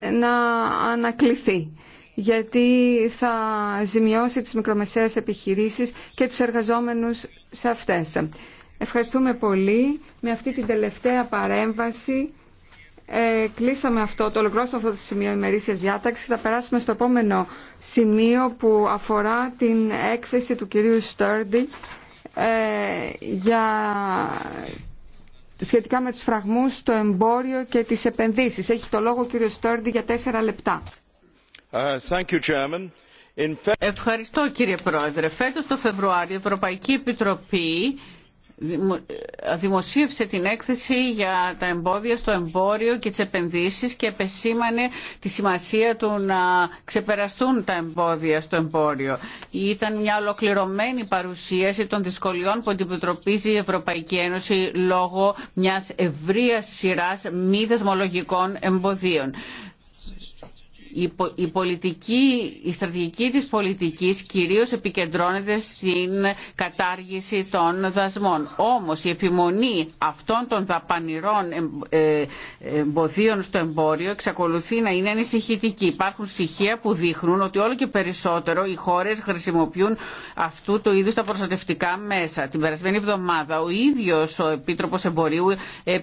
να ανακληθεί γιατί θα ζημιώσει τις μικρομεσαίες επιχειρήσεις και τους εργαζόμενους σε αυτές. Ευχαριστούμε πολύ. Με αυτή την τελευταία παρέμβαση ε, κλείσαμε αυτό, το ολοκλώσιο αυτό το σημείο ημερήσιας διάταξη. θα περάσουμε στο επόμενο σημείο που αφορά την έκθεση του κυρίου Στέρντι ε, για σχετικά με τους φραγμούς, το εμπόριο και τις επενδύσεις. Έχει το λόγο ο κύριος Στόρντι για τέσσερα λεπτά. Uh, thank you, Ευχαριστώ κύριε Πρόεδρε. Φέτος το Φεβρουάριο η Ευρωπαϊκή Επιτροπή δημοσίευσε την έκθεση για τα εμπόδια στο εμπόριο και τις επενδύσεις και επεσήμανε τη σημασία του να ξεπεραστούν τα εμπόδια στο εμπόριο. Ήταν μια ολοκληρωμένη παρουσίαση των δυσκολιών που αντιμετωπίζει η Ευρωπαϊκή Ένωση λόγω μιας ευρείας σειράς μη δεσμολογικών εμποδίων η, πολιτική, στρατηγική της πολιτικής κυρίως επικεντρώνεται στην κατάργηση των δασμών. Όμως η επιμονή αυτών των δαπανηρών ε, εμποδίων στο εμπόριο εξακολουθεί να είναι ανησυχητική. Υπάρχουν στοιχεία που δείχνουν ότι όλο και περισσότερο οι χώρες χρησιμοποιούν αυτού του είδους τα προστατευτικά μέσα. Την περασμένη εβδομάδα ο ίδιος ο Επίτροπος Εμπορίου ε,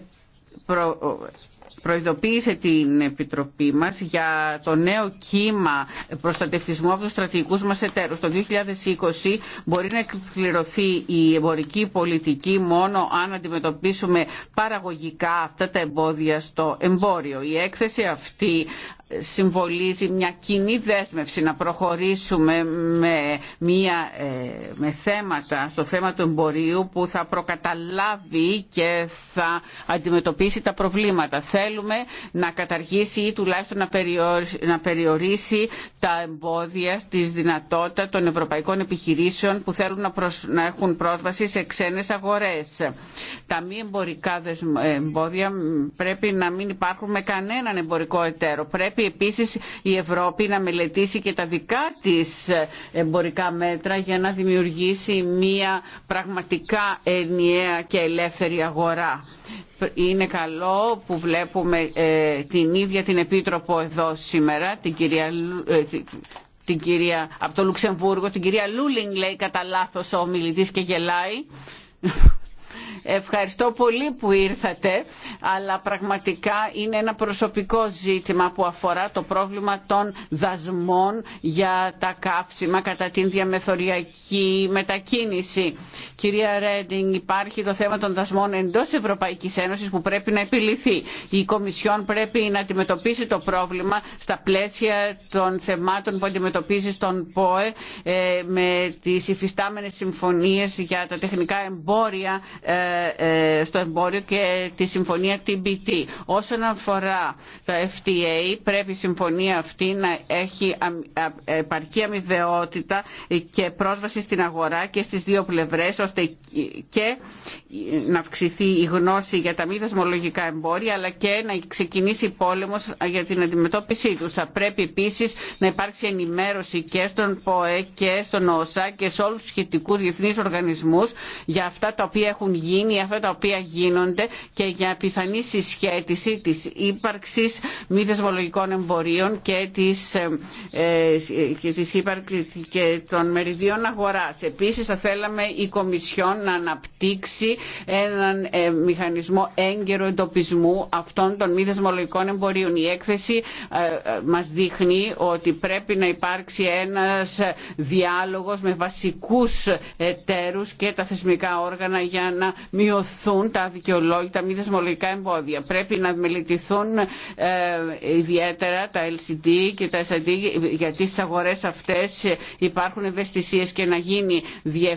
προειδοποίησε την Επιτροπή μας για το νέο κύμα προστατευτισμού από τους στρατηγικούς μας εταίρους. Το 2020 μπορεί να εκπληρωθεί η εμπορική πολιτική μόνο αν αντιμετωπίσουμε παραγωγικά αυτά τα εμπόδια στο εμπόριο. Η έκθεση αυτή συμβολίζει μια κοινή δέσμευση να προχωρήσουμε με, μια, ε, με θέματα στο θέμα του εμπορίου που θα προκαταλάβει και θα αντιμετωπίσει τα προβλήματα. Θέλουμε να καταργήσει ή τουλάχιστον να περιορίσει, περιορίσει τα εμπόδια στις δυνατότητα των ευρωπαϊκών επιχειρήσεων που θέλουν να, έχουν πρόσβαση σε ξένες αγορές. Τα μη εμπορικά εμπόδια πρέπει να μην υπάρχουν με κανέναν εμπορικό εταίρο πρέπει επίσης η Ευρώπη να μελετήσει και τα δικά της εμπορικά μέτρα για να δημιουργήσει μια πραγματικά ενιαία και ελεύθερη αγορά. Είναι καλό που βλέπουμε ε, την ίδια την Επίτροπο εδώ σήμερα, την κυρία ε, την κυρία, από το Λουξεμβούργο, την κυρία Λούλινγκ λέει κατά λάθο ο μιλητής και γελάει. Ευχαριστώ πολύ που ήρθατε, αλλά πραγματικά είναι ένα προσωπικό ζήτημα που αφορά το πρόβλημα των δασμών για τα καύσιμα κατά την διαμεθοριακή μετακίνηση. Κυρία Ρέντινγκ, υπάρχει το θέμα των δασμών εντός Ευρωπαϊκής Ένωσης που πρέπει να επιληθεί. Η Κομισιόν πρέπει να αντιμετωπίσει το πρόβλημα στα πλαίσια των θεμάτων που αντιμετωπίζει στον ΠΟΕ ε, με τις υφιστάμενες συμφωνίες για τα τεχνικά εμπόρια ε, ε, στο εμπόριο και τη συμφωνία TBT. Όσον αφορά τα FTA, πρέπει η συμφωνία αυτή να έχει επαρκή αμοιβαιότητα και πρόσβαση στην αγορά και στις δύο πλευρές, ώστε και να αυξηθεί η γνώση για τα μη δεσμολογικά εμπόρια, αλλά και να ξεκινήσει πόλεμος για την αντιμετώπιση τους. Θα πρέπει επίσης να υπάρξει ενημέρωση και στον ΠΟΕ και στον ΟΣΑ και σε όλους τους σχετικούς διεθνείς οργανισμούς για αυτά τα οποία έχουν γίνει γίνει αυτά τα οποία γίνονται και για πιθανή συσχέτιση της ύπαρξης μη θεσμολογικών εμπορίων και της, ε, ε, και της ύπαρξης και των μεριδίων αγοράς. Επίσης θα θέλαμε η Κομισιόν να αναπτύξει έναν ε, μηχανισμό έγκαιρο εντοπισμού αυτών των μη θεσμολογικών εμπορίων. Η έκθεση μας δείχνει ότι πρέπει να υπάρξει ένας διάλογος με βασικούς εταίρους και τα θεσμικά όργανα για να μειωθούν τα δικαιολόγητα μη δεσμολογικά εμπόδια. Πρέπει να μελετηθούν ε, ιδιαίτερα τα LCD και τα SD γιατί στις αγορές αυτές υπάρχουν ευαισθησίες και να γίνει ε,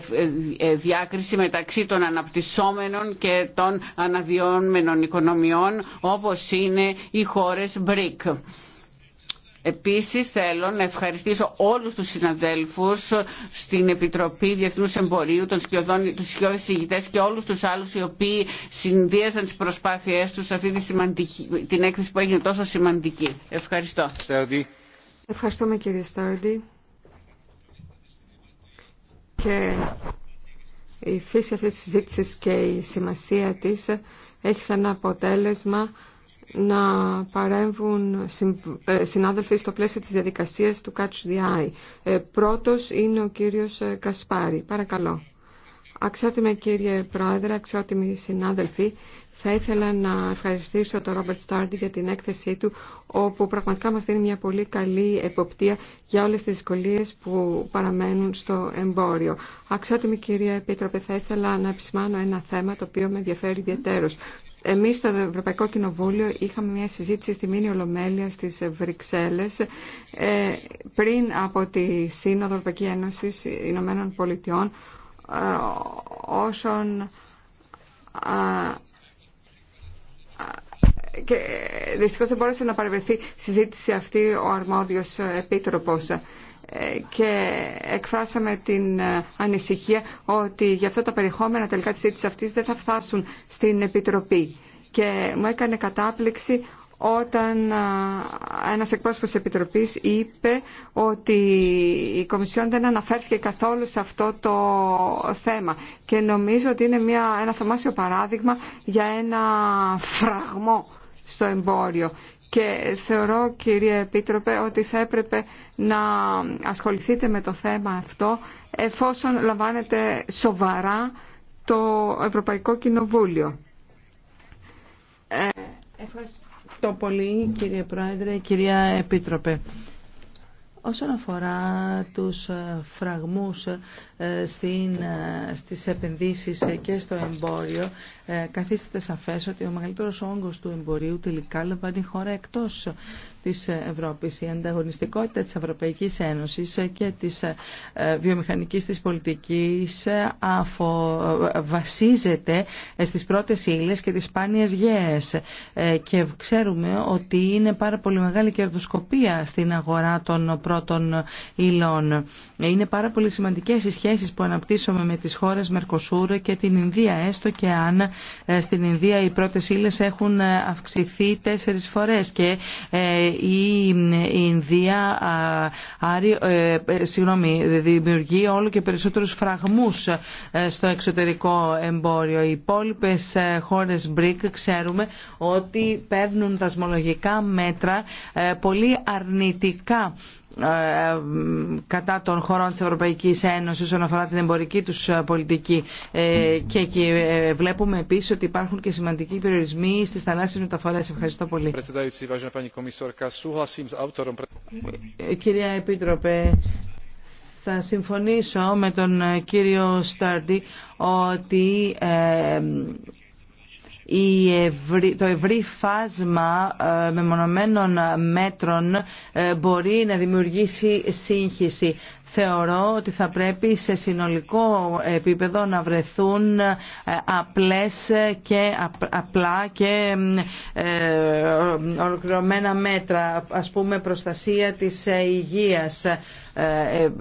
ε, διάκριση μεταξύ των αναπτυσσόμενων και των αναδυόμενων οικονομιών όπως είναι οι χώρες BRIC. Επίσης θέλω να ευχαριστήσω όλους τους συναδέλφους στην Επιτροπή Διεθνούς Εμπορίου, των σκιωδών, τους σκιώδες ηγητές και όλους τους άλλους οι οποίοι συνδύασαν τις προσπάθειές τους σε αυτή τη σημαντική, την έκθεση που έγινε τόσο σημαντική. Ευχαριστώ. Ευχαριστούμε κύριε Στάρντι. Και η φύση αυτής της συζήτησης και η σημασία της έχει σαν αποτέλεσμα να παρέμβουν ε, συνάδελφοι στο πλαίσιο της διαδικασίας του Catch the Eye. Ε, πρώτος είναι ο κύριος ε, Κασπάρη. Παρακαλώ. Αξιότιμε κύριε Πρόεδρε, αξιότιμοι συνάδελφοι, θα ήθελα να ευχαριστήσω τον Ρόμπερτ Στάρντι για την έκθεσή του, όπου πραγματικά μας δίνει μια πολύ καλή εποπτεία για όλες τις δυσκολίε που παραμένουν στο εμπόριο. Αξιότιμη κυρία Επίτροπε, θα ήθελα να επισημάνω ένα θέμα το οποίο με ενδιαφέρει ιδιαίτερος. Εμείς στο Ευρωπαϊκό Κοινοβούλιο είχαμε μια συζήτηση στη Μήνη Ολομέλεια στις Βρυξέλλες ε, πριν από τη Σύνοδο Ευρωπαϊκή Ένωση Ηνωμένων Πολιτειών ε, όσον και ε, δυστυχώς δεν μπόρεσε να παρευρεθεί συζήτηση αυτή ο αρμόδιος επίτροπος. Ε, και εκφράσαμε την ε, ανησυχία ότι για αυτό τα περιεχόμενα τελικά της σύντησης αυτής δεν θα φτάσουν στην Επιτροπή. Και μου έκανε κατάπληξη όταν ε, ένας εκπρόσωπος της Επιτροπής είπε ότι η Κομισιόν δεν αναφέρθηκε καθόλου σε αυτό το θέμα. Και νομίζω ότι είναι μια, ένα θαυμάσιο παράδειγμα για ένα φραγμό στο εμπόριο και θεωρώ κύριε Επίτροπε ότι θα έπρεπε να ασχοληθείτε με το θέμα αυτό εφόσον λαμβάνετε σοβαρά το Ευρωπαϊκό Κοινοβούλιο. Ε, ευχαριστώ πολύ κύριε Πρόεδρε, κυρία Επίτροπε. Όσον αφορά τους ε, φραγμούς ε, στην, ε, στις επενδύσεις και στο εμπόριο, καθίστεται σαφές ότι ο μεγαλύτερος όγκος του εμπορίου τελικά λαμβάνει χώρα εκτός η ανταγωνιστικότητα της Ευρωπαϊκής Ένωσης και της ε, βιομηχανικής της πολιτικής ε, αφο... Ε, βασίζεται στις πρώτες ύλε και τις σπάνιες γέες και ξέρουμε ότι είναι πάρα πολύ μεγάλη κερδοσκοπία στην αγορά των πρώτων υλών. Είναι πάρα πολύ σημαντικές οι σχέσεις που αναπτύσσουμε με τις χώρες Μερκοσούρ και την Ινδία, έστω και αν στην Ινδία οι πρώτες ύλες έχουν αυξηθεί τέσσερις φορές και η Ινδία ε, ε, συγγνώμη, δημιουργεί όλο και περισσότερους φραγμούς ε, στο εξωτερικό εμπόριο. Οι υπόλοιπε χώρες BRIC ξέρουμε ότι παίρνουν δασμολογικά μέτρα πολύ αρνητικά ε, κατά των χωρών της Ευρωπαϊκής Ένωσης όσον αφορά την εμπορική τους ε, πολιτική ε, και βλέπουμε επίσης ότι υπάρχουν και σημαντικοί περιορισμοί στις θαλάσσιες μεταφορές. Ευχαριστώ πολύ. Κυρία Επίτροπε, θα συμφωνήσω με τον κύριο Στάρντι ότι το ευρύ φάσμα ε, μεμονωμένων ε, μέτρων ε, μπορεί να δημιουργήσει σύγχυση. Θεωρώ ότι θα πρέπει σε συνολικό επίπεδο να βρεθούν απλές και απλά και ολοκληρωμένα μέτρα, ας πούμε προστασία της υγείας.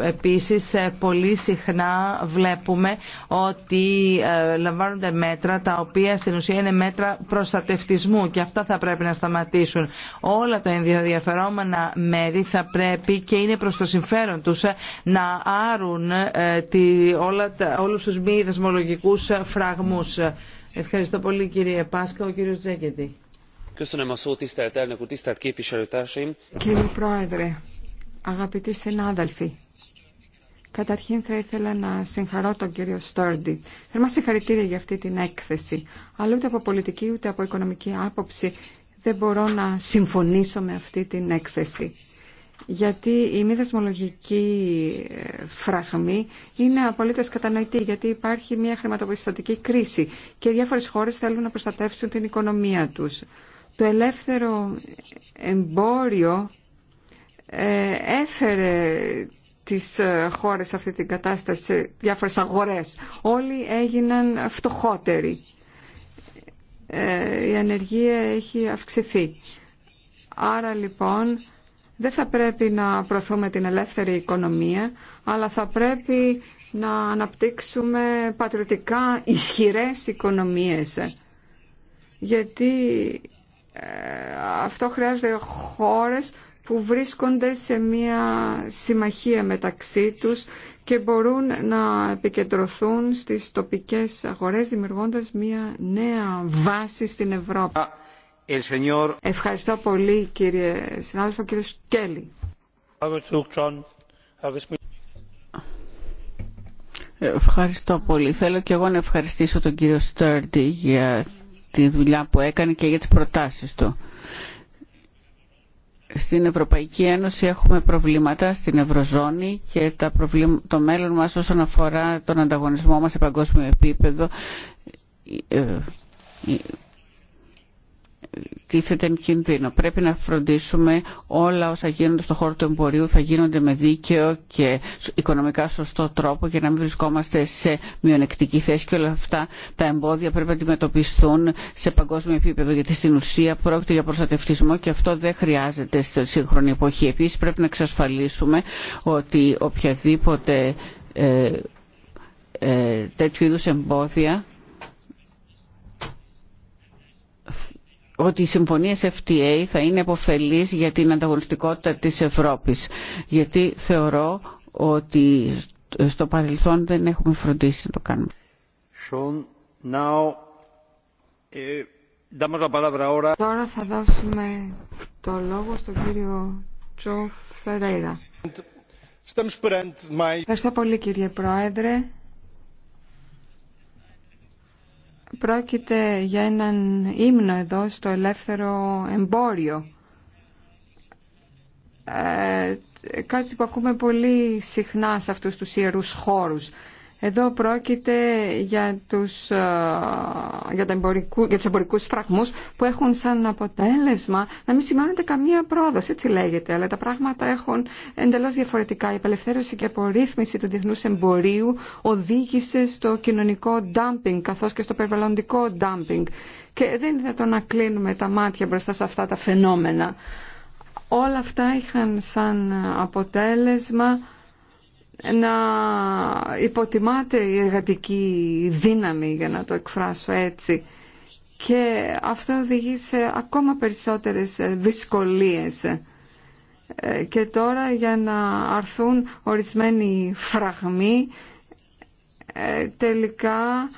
Επίσης, πολύ συχνά βλέπουμε ότι λαμβάνονται μέτρα τα οποία στην ουσία είναι μέτρα προστατευτισμού και αυτά θα πρέπει να σταματήσουν. Όλα τα ενδιαφερόμενα μέρη θα πρέπει και είναι προς το συμφέρον τους ε, να άρουν ε, τη, όλα, όλους τους μη δεσμολογικούς ε, φραγμούς. Ευχαριστώ πολύ κύριε Πάσκα, ο κύριος Τζέκετη. Κύριε Πρόεδρε, αγαπητοί συνάδελφοι, Καταρχήν θα ήθελα να συγχαρώ τον κύριο Στόρντι. Θερμά συγχαρητήρια για αυτή την έκθεση. Αλλά ούτε από πολιτική ούτε από οικονομική άποψη δεν μπορώ να συμφωνήσω με αυτή την έκθεση. Γιατί η μη δεσμολογική ε, φραγμή είναι απολύτω κατανοητή, γιατί υπάρχει μια χρηματοπιστωτική κρίση και διάφορε χώρε θέλουν να προστατεύσουν την οικονομία του. Το ελεύθερο εμπόριο ε, έφερε τις ε, χώρες αυτή την κατάσταση σε διάφορες αγορές. Όλοι έγιναν φτωχότεροι. Ε, η ανεργία έχει αυξηθεί. Άρα λοιπόν δεν θα πρέπει να προωθούμε την ελεύθερη οικονομία, αλλά θα πρέπει να αναπτύξουμε πατριωτικά ισχυρές οικονομίες. Γιατί ε, αυτό χρειάζεται χώρες που βρίσκονται σε μια συμμαχία μεταξύ τους και μπορούν να επικεντρωθούν στις τοπικές αγορές δημιουργώντας μια νέα βάση στην Ευρώπη. Ευχαριστώ πολύ κύριε συνάδελφο, κύριε Σκέλη. Ευχαριστώ πολύ. Θέλω και εγώ να ευχαριστήσω τον κύριο Στέρντι για τη δουλειά που έκανε και για τις προτάσεις του στην Ευρωπαϊκή Ένωση έχουμε προβλήματα στην Ευρωζώνη και τα το μέλλον μας όσον αφορά τον ανταγωνισμό μας σε παγκόσμιο επίπεδο ε, ε, τίθεται εν κινδύνο. Πρέπει να φροντίσουμε όλα όσα γίνονται στον χώρο του εμπορίου θα γίνονται με δίκαιο και οικονομικά σωστό τρόπο για να μην βρισκόμαστε σε μειονεκτική θέση και όλα αυτά τα εμπόδια πρέπει να αντιμετωπιστούν σε παγκόσμιο επίπεδο γιατί στην ουσία πρόκειται για προστατευτισμό και αυτό δεν χρειάζεται στη σύγχρονη εποχή. Επίση πρέπει να εξασφαλίσουμε ότι οποιαδήποτε ε, ε, τέτοιου είδους εμπόδια ότι οι συμφωνίες FTA θα είναι αποφελείς για την ανταγωνιστικότητα της Ευρώπης. Γιατί θεωρώ ότι στο παρελθόν δεν έχουμε φροντίσει να το κάνουμε. Ε, Τώρα θα δώσουμε το λόγο στον κύριο Τζο Φερέιρα. Ευχαριστώ πολύ κύριε Πρόεδρε. Πρόκειται για έναν ύμνο εδώ στο ελεύθερο εμπόριο. Ε, κάτι που ακούμε πολύ συχνά σε αυτούς τους ιερούς χώρους. Εδώ πρόκειται για, τους, ε, για, εμπορικού, για εμπορικούς φραγμούς που έχουν σαν αποτέλεσμα να μην σημαίνονται καμία πρόοδος, έτσι λέγεται, αλλά τα πράγματα έχουν εντελώς διαφορετικά. Η απελευθέρωση και απορρίθμιση του διεθνούς εμπορίου οδήγησε στο κοινωνικό ντάμπινγκ καθώς και στο περιβαλλοντικό ντάμπινγκ και δεν είναι το να κλείνουμε τα μάτια μπροστά σε αυτά τα φαινόμενα. Όλα αυτά είχαν σαν αποτέλεσμα να υποτιμάται η εργατική δύναμη για να το εκφράσω έτσι και αυτό οδηγεί σε ακόμα περισσότερες δυσκολίες και τώρα για να αρθούν ορισμένοι φραγμοί ε, τελικά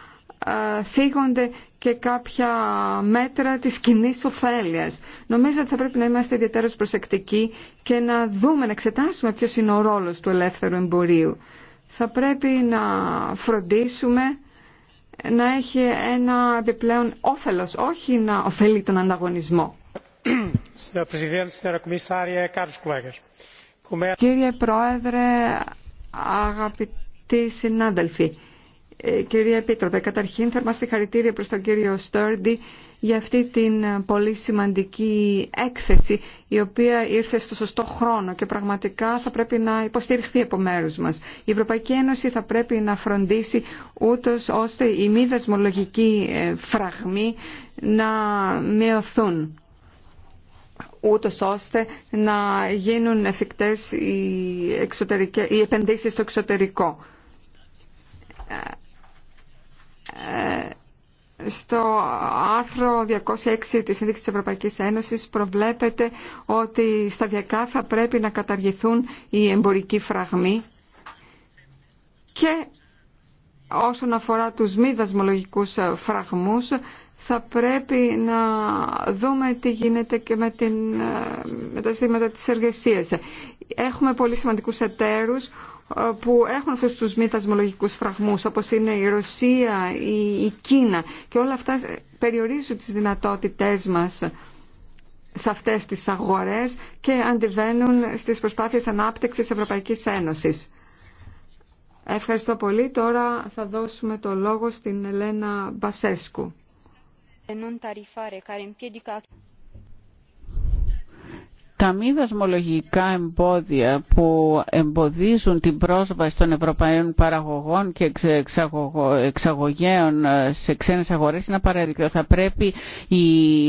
ε, θίγονται και κάποια μέτρα της κοινή ωφέλεια. Νομίζω ότι θα πρέπει να είμαστε ιδιαίτερα προσεκτικοί και να δούμε, να εξετάσουμε ποιος είναι ο ρόλος του ελεύθερου εμπορίου. Θα πρέπει να φροντίσουμε να έχει ένα επιπλέον όφελος, όχι να ωφελεί τον ανταγωνισμό. Κύριε Πρόεδρε, αγαπητοί συνάδελφοι, ε, κυρία Επίτροπε, καταρχήν θερμά συγχαρητήρια προς τον κύριο Στέρντι για αυτή την ε, πολύ σημαντική έκθεση η οποία ήρθε στο σωστό χρόνο και πραγματικά θα πρέπει να υποστηριχθεί από μέρους μας. Η Ευρωπαϊκή Ένωση θα πρέπει να φροντίσει ούτως ώστε οι μη δεσμολογικοί ε, φραγμοί να μειωθούν ούτως ώστε να γίνουν εφικτές οι, επενδύσεις στο εξωτερικό ε, στο άρθρο 206 της Σύνδεξης της Ευρωπαϊκής Ένωσης προβλέπεται ότι σταδιακά θα πρέπει να καταργηθούν οι εμπορικοί φραγμοί και όσον αφορά τους μη δασμολογικούς φραγμούς θα πρέπει να δούμε τι γίνεται και με, την, ε, με τα ζητήματα της εργασίας. Έχουμε πολύ σημαντικούς εταίρους που έχουν αυτούς τους μη θασμολογικούς φραγμούς όπως είναι η Ρωσία, η, η Κίνα και όλα αυτά περιορίζουν τις δυνατότητές μας σε αυτές τις αγορές και αντιβαίνουν στις προσπάθειες ανάπτυξης Ευρωπαϊκής Ένωσης. Ευχαριστώ πολύ. Τώρα θα δώσουμε το λόγο στην Ελένα Μπασέσκου. Τα μη δασμολογικά εμπόδια που εμποδίζουν την πρόσβαση των ευρωπαϊκών παραγωγών και εξαγωγέων ε, σε ξένες αγορές είναι απαραίτητο. Θα πρέπει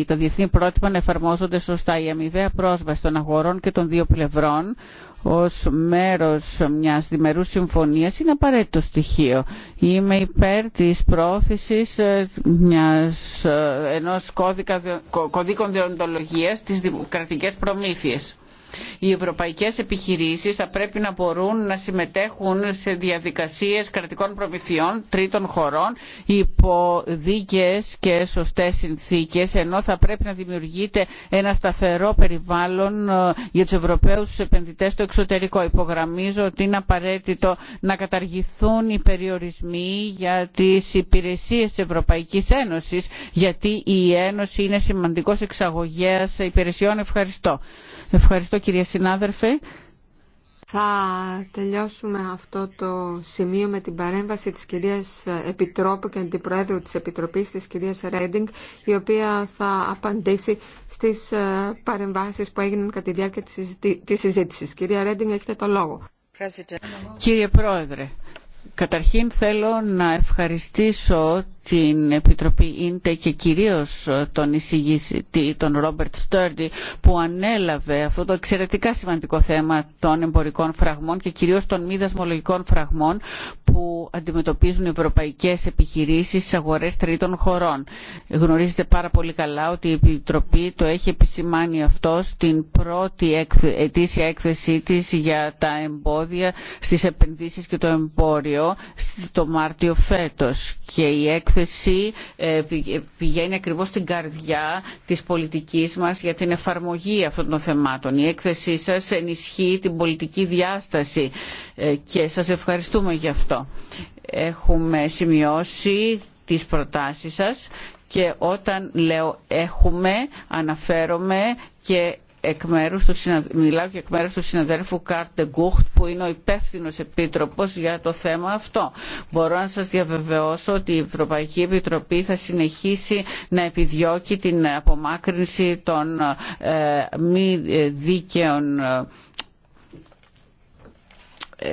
τα διεθνή πρότυπα να εφαρμόζονται σωστά. Η αμοιβαία πρόσβαση των αγορών και των δύο πλευρών ως μέρος μιας διμερούς συμφωνίας είναι απαραίτητο στοιχείο. Είμαι υπέρ της πρόθεσης ε, μιας, ε, ενός κώδικα, κωδίκων διοντολογίας της δημοκρατικές προμήθειας. Οι ευρωπαϊκές επιχειρήσεις θα πρέπει να μπορούν να συμμετέχουν σε διαδικασίες κρατικών προμηθειών τρίτων χωρών υπό δίκαιες και σωστές συνθήκες, ενώ θα πρέπει να δημιουργείται ένα σταθερό περιβάλλον ε, για τους Ευρωπαίους επενδυτές στο εξωτερικό. Υπογραμμίζω ότι είναι απαραίτητο να καταργηθούν οι περιορισμοί για τις υπηρεσίες της Ευρωπαϊκής Ένωσης, γιατί η Ένωση είναι σημαντικός εξαγωγέας υπηρεσιών. Ευχαριστώ. Ευχαριστώ κυρία συνάδελφε. Θα τελειώσουμε αυτό το σημείο με την παρέμβαση της κυρίας Επιτρόπου και Αντιπρόεδρου της Επιτροπής, της κυρίας Ρέντινγκ, η οποία θα απαντήσει στις ε, παρεμβάσεις που έγιναν κατά τη διάρκεια της συζήτησης. Κυρία Ρέντινγκ, έχετε το λόγο. Κύριε Πρόεδρε, καταρχήν θέλω να ευχαριστήσω την Επιτροπή Ίντε και κυρίως ε, τον εισηγητή, τον Ρόμπερτ Στέρντι που ανέλαβε αυτό το εξαιρετικά σημαντικό θέμα των εμπορικών φραγμών και κυρίως των μη δασμολογικών φραγμών που αντιμετωπίζουν οι ευρωπαϊκές επιχειρήσεις στις αγορές τρίτων χωρών. Γνωρίζετε πάρα πολύ καλά ότι η Επιτροπή το έχει επισημάνει αυτό στην πρώτη ετήσια έκθεσή της για τα εμπόδια στις επενδύσεις και το εμπόριο το Μάρτιο φέτος και η έκθεση ε, πηγαίνει ακριβώς στην καρδιά της πολιτικής μας για την εφαρμογή αυτών των θεμάτων. Η έκθεσή σας ενισχύει την πολιτική διάσταση ε, και σας ευχαριστούμε γι' αυτό. Έχουμε σημειώσει τις προτάσεις σας και όταν λέω έχουμε αναφέρομαι και εκ μιλάω και εκ μέρους του συναδέλφου Κάρτε Γκούχτ που είναι ο υπεύθυνος επίτροπος για το θέμα αυτό. Μπορώ να σας διαβεβαιώσω ότι η Ευρωπαϊκή Επιτροπή θα συνεχίσει να επιδιώκει την απομάκρυνση των ε, μη δίκαιων ε,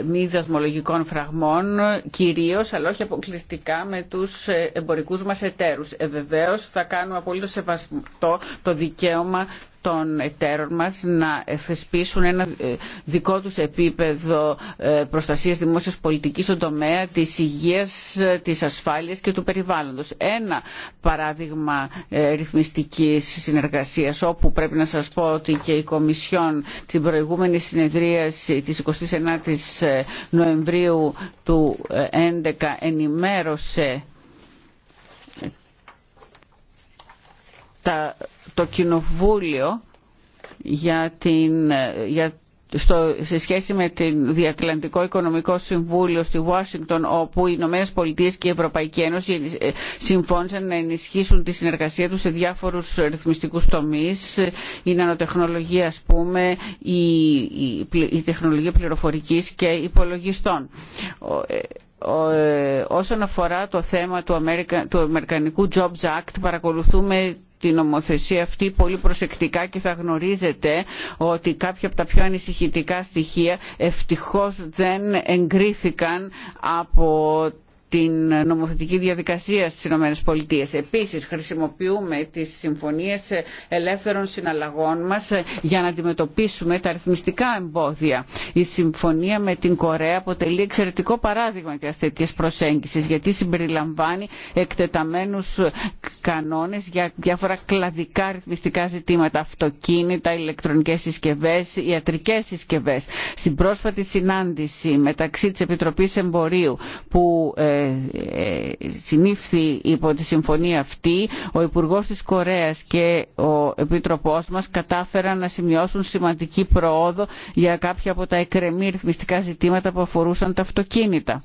μη δασμολογικών φραγμών, κυρίως αλλά όχι αποκλειστικά με τους εμπορικούς μας εταίρους. Ε, θα κάνουμε απολύτως σεβαστό το δικαίωμα των εταίρων μας να θεσπίσουν ένα ε, δικό τους επίπεδο ε, προστασίας δημόσιας πολιτικής στον τομέα της υγείας, ε, της ασφάλειας και του περιβάλλοντος. Ένα παράδειγμα ρυθμιστικής συνεργασίας όπου πρέπει να σας πω ότι και η Κομισιόν την προηγούμενη συνεδρίαση της 29ης Νοεμβρίου του 2011 ενημέρωσε το κοινοβούλιο για την, για στο, σε σχέση με την Διατλαντικό Οικονομικό Συμβούλιο στη Ουάσιγκτον όπου οι Ηνωμένες Πολιτείες και η Ευρωπαϊκή Ένωση ε, συμφώνησαν να ενισχύσουν τη συνεργασία τους σε διάφορους ρυθμιστικούς τομείς η νανοτεχνολογία ας πούμε η, η, τεχνολογία πληροφορικής και υπολογιστών ε, ε, όσον αφορά το θέμα του, του Αμερικανικού Jobs Act παρακολουθούμε την νομοθεσία αυτή πολύ προσεκτικά και θα γνωρίζετε ότι κάποια από τα πιο ανησυχητικά στοιχεία ευτυχώς δεν εγκρίθηκαν από την νομοθετική διαδικασία στις Ηνωμένες Πολιτείες. Επίσης χρησιμοποιούμε τις συμφωνίες ελεύθερων συναλλαγών μας για να αντιμετωπίσουμε τα ρυθμιστικά εμπόδια. Η συμφωνία με την Κορέα αποτελεί εξαιρετικό παράδειγμα για τέτοιε προσέγγισης γιατί συμπεριλαμβάνει εκτεταμένους κανόνες για διάφορα κλαδικά ρυθμιστικά ζητήματα αυτοκίνητα, ηλεκτρονικές συσκευές, ιατρικές συσκευές. Στην πρόσφατη συνάντηση μεταξύ της Επιτροπής Εμπορίου που ε, συνήφθη υπό τη συμφωνία αυτή, ο Υπουργός της Κορέας και ο Επίτροπός μας κατάφεραν να σημειώσουν σημαντική προόδο για κάποια από τα εκρεμή ρυθμιστικά ζητήματα που αφορούσαν τα αυτοκίνητα.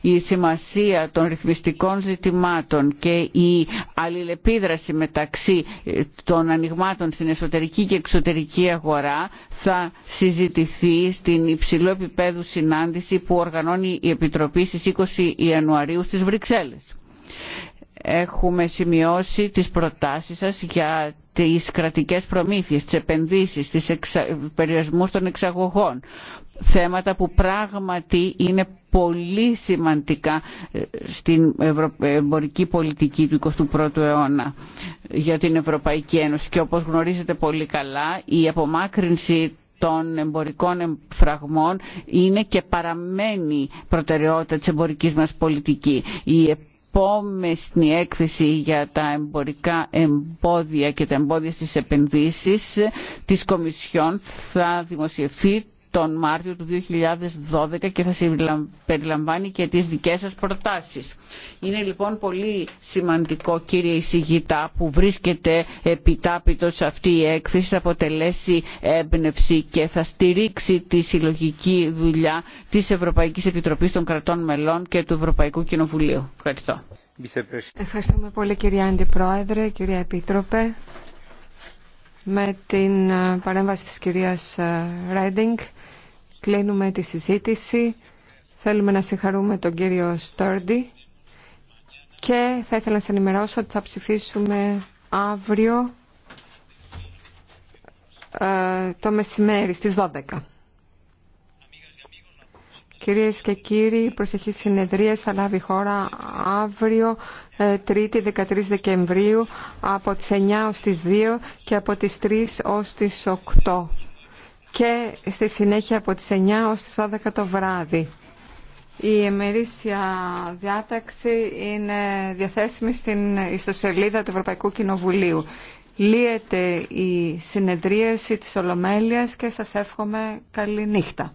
Η σημασία των ρυθμιστικών ζητημάτων και η αλληλεπίδραση μεταξύ ε, των ανοιγμάτων στην εσωτερική και εξωτερική αγορά θα συζητηθεί στην υψηλό επίπεδο συνάντηση που οργανώνει η Επιτροπή στις 20 Ιανουαρίου στις Βρυξέλλες. Έχουμε σημειώσει τις προτάσεις σας για τις κρατικές προμήθειες, τις επενδύσεις, τις περιορισμούς των εξαγωγών. Θέματα που πράγματι είναι πολύ σημαντικά ε, στην εμπορική πολιτική του 21ου αιώνα για την Ευρωπαϊκή Ένωση. Και όπως γνωρίζετε πολύ καλά, η απομάκρυνση των εμπορικών εμφραγμών είναι και παραμένει προτεραιότητα της εμπορικής μας πολιτικής επόμενη έκθεση για τα εμπορικά εμπόδια και τα εμπόδια στις επενδύσεις της Κομισιόν θα δημοσιευθεί τον Μάρτιο του 2012 και θα περιλαμβάνει και τις δικές σας προτάσεις. Είναι λοιπόν πολύ σημαντικό κύριε εισηγητά που βρίσκεται σε αυτή η έκθεση θα αποτελέσει έμπνευση και θα στηρίξει τη συλλογική δουλειά της Ευρωπαϊκής Επιτροπής των Κρατών Μελών και του Ευρωπαϊκού Κοινοβουλίου. Ευχαριστώ. Ευχαριστούμε πολύ κυρία Αντιπρόεδρε, κυρία Επίτροπε. Με την ε, παρέμβαση της κυρίας ε, Ρέντινγκ Κλείνουμε τη συζήτηση. Θέλουμε να συγχαρούμε τον κύριο Στόρντι και θα ήθελα να σας ενημερώσω ότι θα ψηφίσουμε αύριο ε, το μεσημέρι στις 12. Κυρίες και κύριοι, η προσεχή συνεδρία θα λάβει χώρα αύριο, 3η ε, 13 Δεκεμβρίου, από τις 9 ω τι 2 και από τις 3 ως τις 8 και στη συνέχεια από τις 9 ως τις 12 το βράδυ. Η εμερήσια διάταξη είναι διαθέσιμη στην ιστοσελίδα του Ευρωπαϊκού Κοινοβουλίου. Λύεται η συνεδρίαση της Ολομέλειας και σας εύχομαι καλή νύχτα.